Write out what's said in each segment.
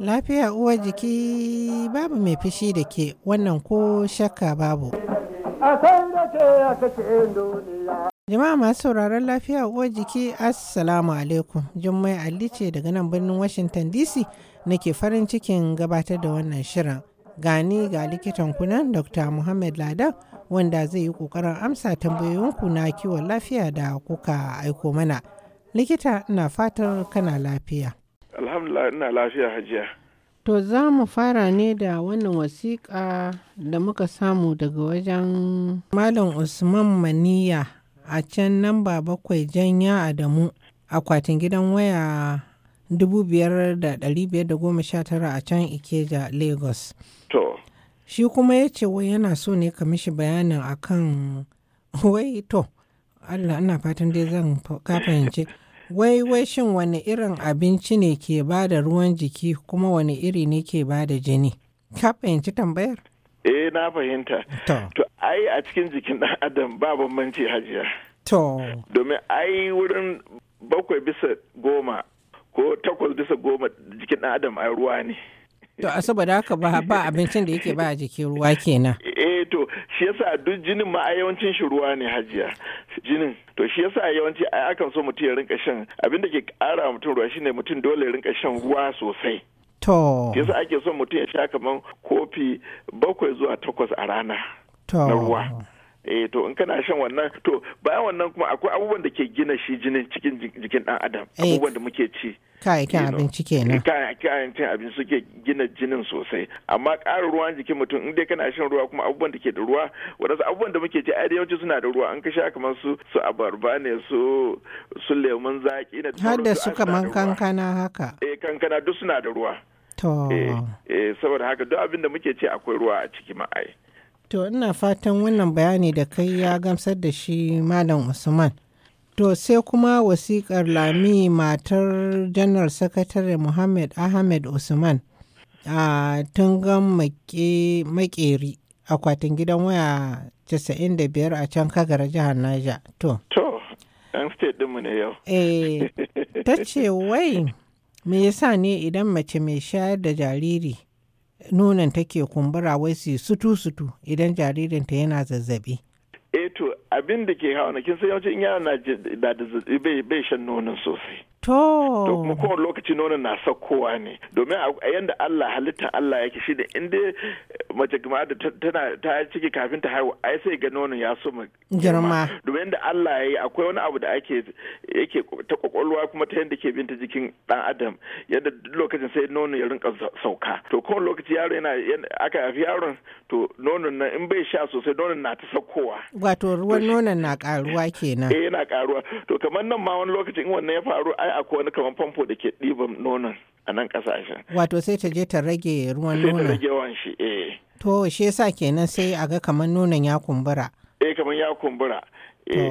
Lafiya uwar jiki babu mai fushi da ke wannan ko shakka babu. Jama'a masu sauraron lafiya uwar jiki Assalamu alaikum. Jummai Ali ce daga nan birnin Washington DC nake farin cikin gabatar da wannan shirin. Gani ga likitan kunan Dr. Muhammad Ladan wanda zai yi ƙoƙarin amsa tambayoyinku na kiwon lafiya da kuka aiko mana. Likita na fatar kana lafiya. Alhamdulillah ina lafiya hajiya. To za mu fara ne da wannan wasiƙa da muka samu daga wajen Malam Usman Maniya a can nan ba bakwai janya Adamu akwatin gidan waya 5,519 a can Ikeja Lagos. To. shi kuma ya ce wai yana so ne ka mishi bayanin akan wai to allah ina fatan dai zan ka fahimci wai wai shin wani irin abinci ne ke ba da ruwan jiki kuma wani iri ne ke ba da jini ka fahimci tambayar eh na fahimta to ai a cikin jikin ɗan adam ba bambanci hajiya to domin ai wurin bakwai bisa goma ko takwas bisa goma jikin ɗan adam ai ruwa ne To saboda haka ba ba abincin da yake ba a jiki ruwa kenan. Eh to shi yasa duk jinin ma a yawancin shi ruwa ne hajiya. Jinin to shi yasa yawanci a akan so mutum ya rinka shan abin da ke kara mutum ruwa shine mutum dole ya rinka shan ruwa sosai. To. Yasa ake son mutum ya sha kaman kofi bakwai zuwa takwas a rana. To. Na ruwa. eh to in kana shan wannan to bayan wannan kuma akwai abubuwan da ke gina shi jinin cikin jikin dan adam eh, abubuwan da muke ci kayayyakin abinci kenan eh, kayayyakin abinci suke gina jinin sosai amma ƙarin ruwan jikin mutum in dai kana shan ruwa kuma abubuwan da ke da ruwa wadansu abubuwan da muke ci a yawanci suna da ruwa an ka sha kamar su su abarba ne su su lemun zaki na har da su kamar kankana haka eh kankana duk suna da ruwa to eh, eh saboda haka duk abin da muke ci akwai ruwa a ciki ai To ina fatan wannan bayani da kai ya gamsar da shi Malam Usman. To sai kuma wasiƙar Lami matar janar sakatare Muhammad Ahmed Usman a tungan makeri akwatin gidan waya 95 a can kagara jihar Niger. To. To, an state ɗinmu ne yau. Eh, ta ce wai me yasa ne idan mace mai shayar da jariri nunan take kumbura wai su sutu-sutu idan jaririnta yana zazzabi. eh to abin da ke hawa kin san yawanci in na da zazzabi bai shan nonon sosai To. kuma kowane lokaci nonon na saukowa ne. Domin a yanda Allah halittar Allah yake shi da inda mace kuma da tana ta ciki kafin ta haihu ai sai ga nonon ya so girma domin da Allah ya yi akwai wani abu da ake yake ta kwakwalwa kuma ta yadda ke binta jikin dan adam yadda lokacin sai nono ya rinka sauka to kowane lokaci yaro yana aka yafi yaron to nonon nan in bai sha sosai nonon na ta saukowa wato ruwan nonon na karuwa kenan eh yana karuwa to kamar nan ma wani lokacin wannan ya faru ai akwai wani kamar famfo da ke ɗiban nonon a nan kasashen wato sai ta je ta rage ruwan nonon sai ta rage wanshi, eh To shi yasa kenan sai a ga kamar nonon ya kumbura. Eh kamar ya kumbura. Eh,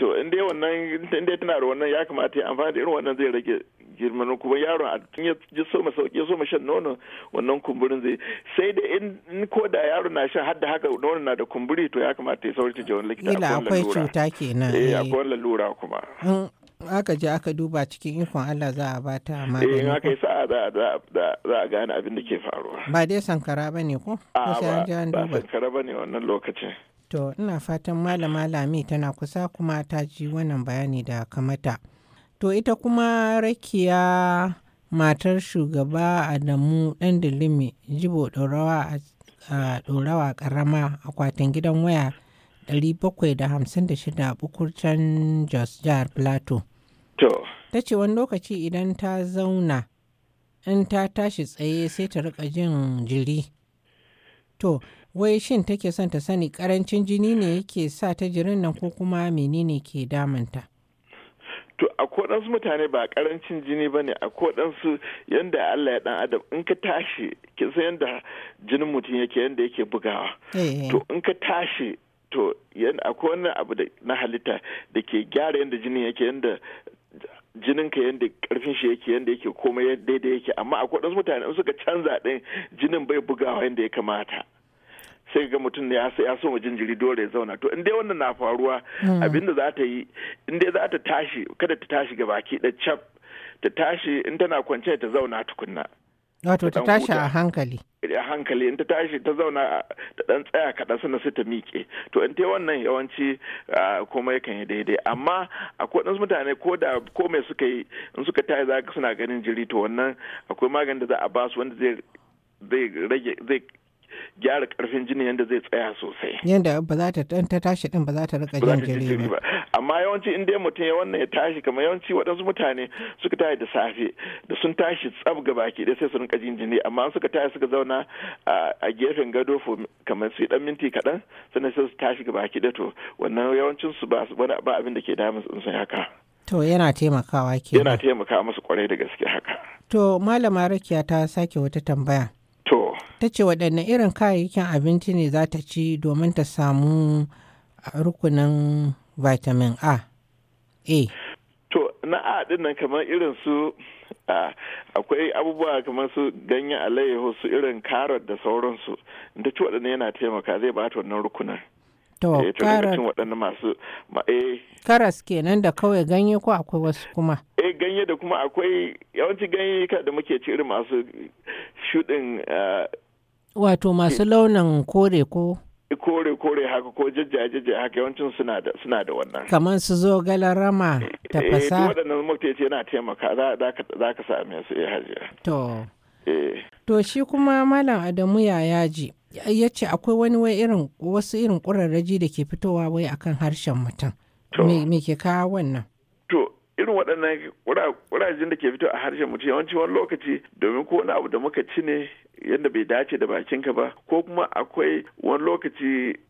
to in dai wannan in dai tana da wannan ya kamata ya amfani da irin wannan zai rage girman kuma yaron a tun ya so ma sauki so ma shan nono wannan kumburin zai sai da in ko da yaro na shan hadda haka nono na da kumburi to ya kamata ya saurari ta wani likita akwai lalura. akwai cuta kenan. Eh, eh akwai lalura kuma. aka je aka duba cikin ikon Allah za a ba ta amma eh aka yi sa'a za a gane abin da ke faruwa ba dai sankara ba ne ko ba sankara ba ne wannan lokacin to ina fatan malama lami tana kusa kuma ta ji wannan bayani da kamata to ita kuma rakiya matar shugaba adamu dan dilimi jibo ɗorawa a ƙarama akwatin gidan waya 756 bukurcen Jos Jihar Plateau. Ta ce wani lokaci idan ta zauna in ta tashi tsaye sai ta rika jin jiri. To, wai shin take son ta sani karancin jini ne yake sa ta jirin nan ko kuma menene ke damanta? to a kodansu mutane ba karancin jini ba ne a kodansu yadda allah ya dan adam in ka tashi kisa yadda jinin mutum yake yadda yake bugawa eh, eh. to in ka tashi to akwai wani abu na halitta da ke gyara yadda jinin yake yadda jininka yadda karfin shi yake yadda yake komai daidai yake amma akwai wasu mutane in suka canza ɗin jinin bai bugawa yadda ya kamata sai ga mutum ne ya so mu jinjiri dole ya zauna to in dai wannan na faruwa hmm. abinda za ta yi in dai za ta tashi kada ta tashi ga baki da cap ta tashi in tana kwance ta zauna tukunna wato ta tashi a hankali a hankali in ta tashi ta zauna ta dan tsaya kaɗan sannan sai ta miƙe to in ta wannan yawanci komai yakan yi daidai amma akwai ɗansu mutane ko da komai suka yi in suka tashi za suna ganin jiri to wannan akwai magani da za a basu wanda zai zai rage zai gyara karfin jinin yadda zai tsaya sosai yadda ba za ta ɗan ta tashi ɗin ba za ta rika jin jiri ba amma yawanci in dai mutum ya wannan ya tashi kamar yawanci waɗansu mutane suka tashi da safe da sun tashi tsab gaba baki da sai su rinka jin jini amma suka tashi suka zauna a gefen gado kamar su ɗan minti kaɗan sannan sai su tashi gaba baki da to wannan yawancin su ba ba abin da ke damun sun haka To yana taimakawa ke. Yana taimaka musu kwarai da gaske haka. To malama rakiya ta sake wata tambaya. ta ce waɗanne irin kayayyakin abinci ne za ta ci domin ta samu rukunin vitamin a a to na a din nan kamar irin su akwai abubuwa kamar su ganyen alayyahu su irin karot da sauransu da ci waɗanne yana taimaka zai ba ta wannan rukunan. to eh, karas masu karas eh. kenan da kawai ganye ko akwai wasu kuma eh ganye da kuma akwai yawanci ganye da muke ci irin masu shuɗin Wato masu launin kore ko? Kore kore haka ko jajjaye jajjaye haka yawancin suna da suna da wannan. Kamar su zo galarama ta fasa. Eh, eh mutane ce yana taimaka za ka same su eh hajiya. To. Eh. To shi kuma Malam Adamu ya yaji ya ce akwai wani wai irin wasu irin ƙurarraji da ke fitowa wai akan harshen mutum. Me ke kawo wannan? irin waɗannan wurajen da ke fito a harshen mutum yawanci wani lokaci domin ko wani abu da muka ci ne yadda bai dace da bakinka ba ko kuma akwai wani lokaci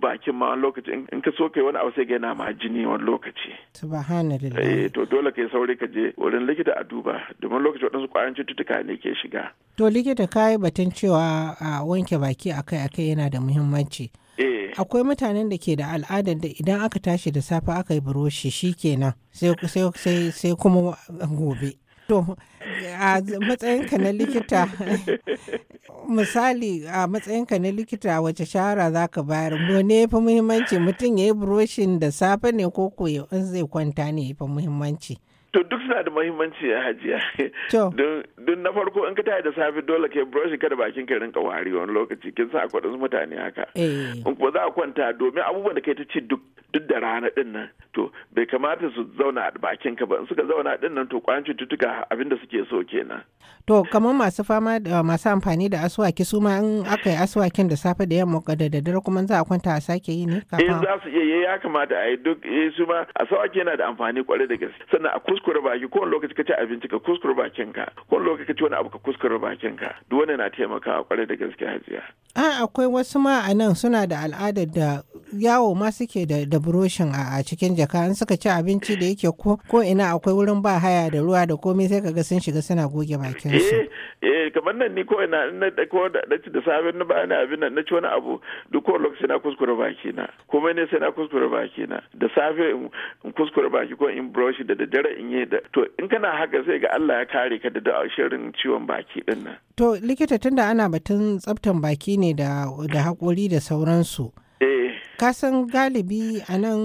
bakin ma wani lokaci in ka so kai wani abu sai ga yana ma jini wani lokaci subhanallah eh to dole kai saurayi ka je wurin likita a duba domin lokaci waɗansu ƙwayoyin cututtuka ne ke shiga to likita kai batun cewa a wanke baki akai-akai yana da muhimmanci eh. akwai mutanen da ke da al'adar da idan aka tashi da safe aka yi buroshi shi kenan sai kuma gobe To, a matsayinka na likita, misali a matsayinka na likita wace shahara za ka bayar, ne fi muhimmanci mutum ya yi buroshin da safe ne ko koyo in zai kwanta ne ya fi muhimmanci. To duk suna da muhimmanci ya hajiya. Don na farko in ka tayi da safe dole ke brush kada bakin ka rinka wari wani lokaci kin sa akwai mutane haka. Eh. In kuma za a kwanta domin abubuwan da kai ta ci duk duk da rana din nan to bai kamata su zauna a bakin ka ba in suka zauna din nan to kwan cututtuka abin da suke so kenan to kamar masu fama da masu amfani da aswaki su ma in aka yi da safe da yamma da daddare kuma za a kwanta a sake yi ne eh za su iya yi, eh, ya kamata a yi duk eh su ma aswaki yana da amfani kwarai da gaske sannan a kuskure baki wani lokaci ka ci abinci ka kuskure bakin ka wani lokaci ka ci wani abu ka kuskure bakin ka duk wannan na taimakawa kwarai da gaske hajiya a akwai wasu ma a nan suna da al'adar da yawo ma suke da buroshin a cikin jaka in suka ci abinci da yake ko ko ina akwai wurin ba haya da ruwa da komai sai kaga sun shiga suna goge bakin su eh, eh kamar nan ni ko ina na ko da ci da na bani abin na ci wani abu duk ko lokaci na kuskure baki na komai ne sai na kuskure baki na da safe in kuskure baki ko in brush da dare in yi da to in kana haka sai ga Allah ya kare ka da shirin ciwon baki din nan to likita tunda ana batun tsaftan baki ne da da haƙori da sauransu kasan galibi a nan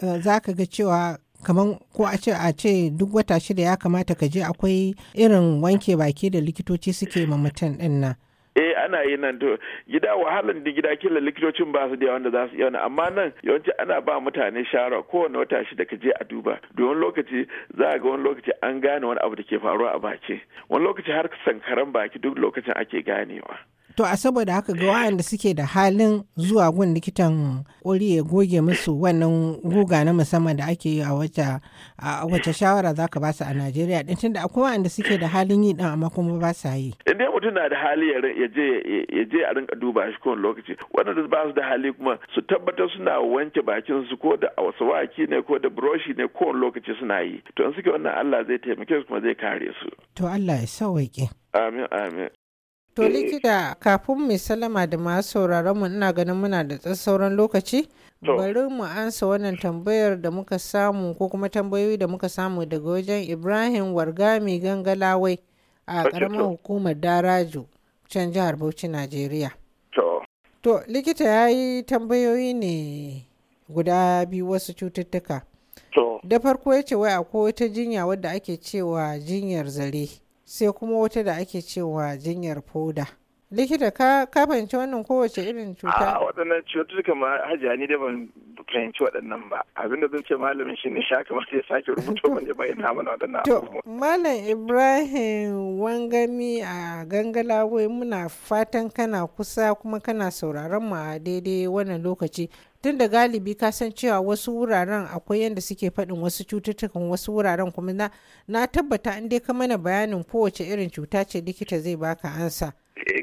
eh, za ka ga cewa kamar ko a ce a ce duk wata shida ya kamata ka je akwai irin wanke baki da likitoci suke ma mutum din nan eh ana yi nan to gida wahalan da gida kila likitocin ba su da wanda za su yana amma nan yawanci ana ba mutane shara kowane wata shi da ka je a duba domin lokaci za ga wani lokaci an gane wani abu da ke faruwa a baki wani lokaci har sankaran baki duk lokacin ake ganewa To a saboda haka ga waɗanda suke da halin zuwa gun likitan ƙuri ya goge musu wannan guga na musamman da ake yi a wace shawara za ka basu a Najeriya ɗin tunda akwai waɗanda suke da halin yi ɗan amma kuma ba sa yi. In da mutum na da hali ya je a rinka duba shi kowane lokaci waɗanda ba su da hali kuma su tabbatar suna wanke bakin su ko da wasawaki ne ko da buroshi ne kowane lokaci suna yi. To in suke wannan Allah zai taimake su kuma zai kare su. To Allah ya sauwaƙe. Amin amin. To likita kafin mu salama da masu sauraron mu ina ganin muna da sauran lokaci bari mu ansa wannan tambayar da muka samu ko kuma tambayoyi da muka samu daga wajen Ibrahim Wargami Gangalawai a karamar hukumar Darajo can jihar Bauchi Najeriya. To likita ya yi tambayoyi ne guda biyu wasu cututtuka. Da farko ya ce wai akwai wata jinya wadda ake cewa jinyar zare. sai kuma wata da ake cewa jinyar foda likita ka fahimci wannan kowace irin cuta a waɗannan cututtuka ma hajiya ni da ban fahimci waɗannan ba abinda zan ce malamin shi ne sha kamar ya sake rubuto ban ba ina mana waɗannan to malam ibrahim wangami a gangalawe muna fatan kana kusa kuma kana sauraron mu a daidai wannan lokaci tun da galibi ka san cewa wasu wuraren akwai yadda suke faɗin wasu cututtukan wasu wuraren kuma na, na tabbata in dai ka mana bayanin kowace irin cuta ce likita zai baka ansa. Eh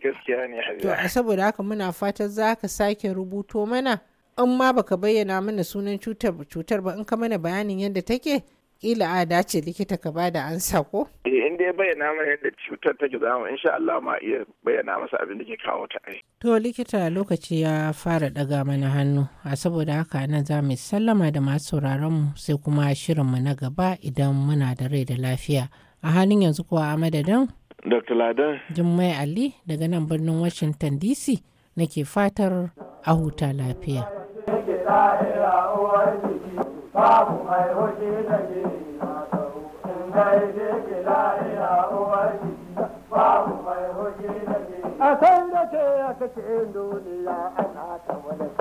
To saboda haka muna fatan za ka sake rubuto mana in ma baka bayyana mana sunan cutar cutar ba in ka mana bayanin yadda take kila a dace likita ka bada ansa ko? Eh in dai bayyana mana yadda cutar take zamu insha Allah ma iya bayyana masa abin da ke kawo ta ai. To likita lokaci ya fara daga mana hannu a saboda haka na za mu sallama da masu sauraron mu sai kuma shirin mu na gaba idan muna da rai da lafiya. A halin yanzu kuwa a madadin? Dr. Ladan. Jummai Ali daga nan birnin Washington DC nake fatar a huta lafiya. babu mai hoshi da ke nasau in je babu mai hoshi da ke a san da ke aka ce duniya ana ta wani